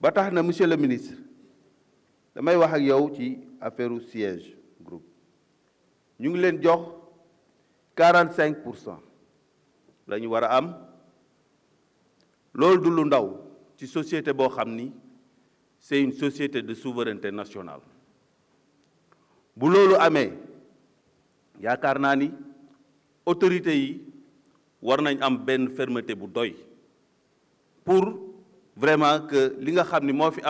ba tax na monsieur le ministre damay wax ak yow ci affaire siège groupe ñu ngi leen jox 45% lañu wara am lool du lu ndaw ci société bo xamni c'est une société de souveraineté nationale bu loolu amee yaakaar naa ni autorités yi war nañ am benn fermeté bu doy pour vraiment que li nga xamni mo fi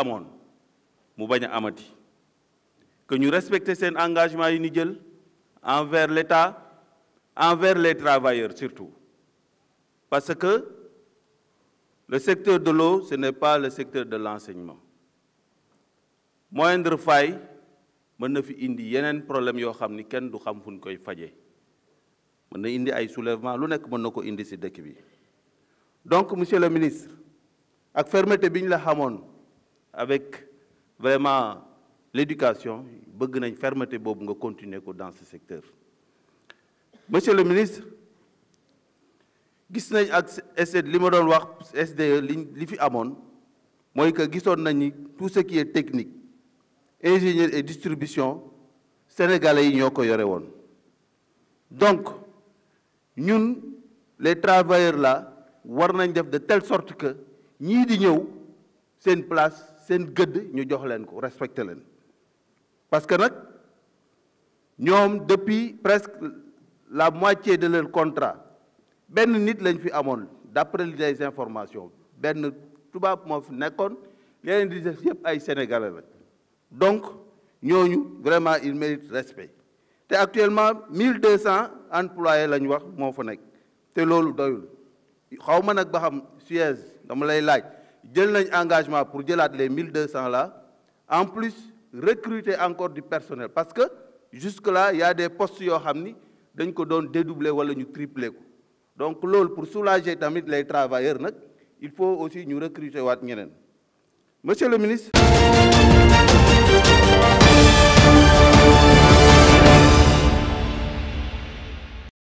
que ñu respecter sen engagement yi envers l'État envers les travailleurs surtout parce que le secteur de l'eau ce n'est pas le secteur de l'enseignement moindre faille mën na fi indi yeneen problème yoo xam ni kenn du xam fu ñu koy indi ay soulèvement indi donc monsieur le ministre ak fermeté biñ la xamone avec vraiment l'éducation bëgg nañ fermeté bobu nga continuer ko dans ce secteur monsieur le ministre gis nañ ak SDE li ma doon wax SDE li fi amone moy que gisone nañ tout ce qui est technique ingénieur et distribution sénégalais ñoko yoré won donc ñun les travailleurs là war nañ def de telle sorte que nous di ñëw place seen gëdd ñu jox leen ko parce que depuis presque la moitié de leur contrat benn nit lañ d'après les informations benn tubaab moo fi di def sénégalais donc ñooñu vraiment il mérite respect te actuellement 1200 employés lañ wax moo fa nekk te doyul nous il y engagement pour les 1200 là en plus recruter encore du personnel parce que jusque là il y a des postes qui ont été dañ ko donc pour soulager les travailleurs il faut aussi nous recruter monsieur le ministre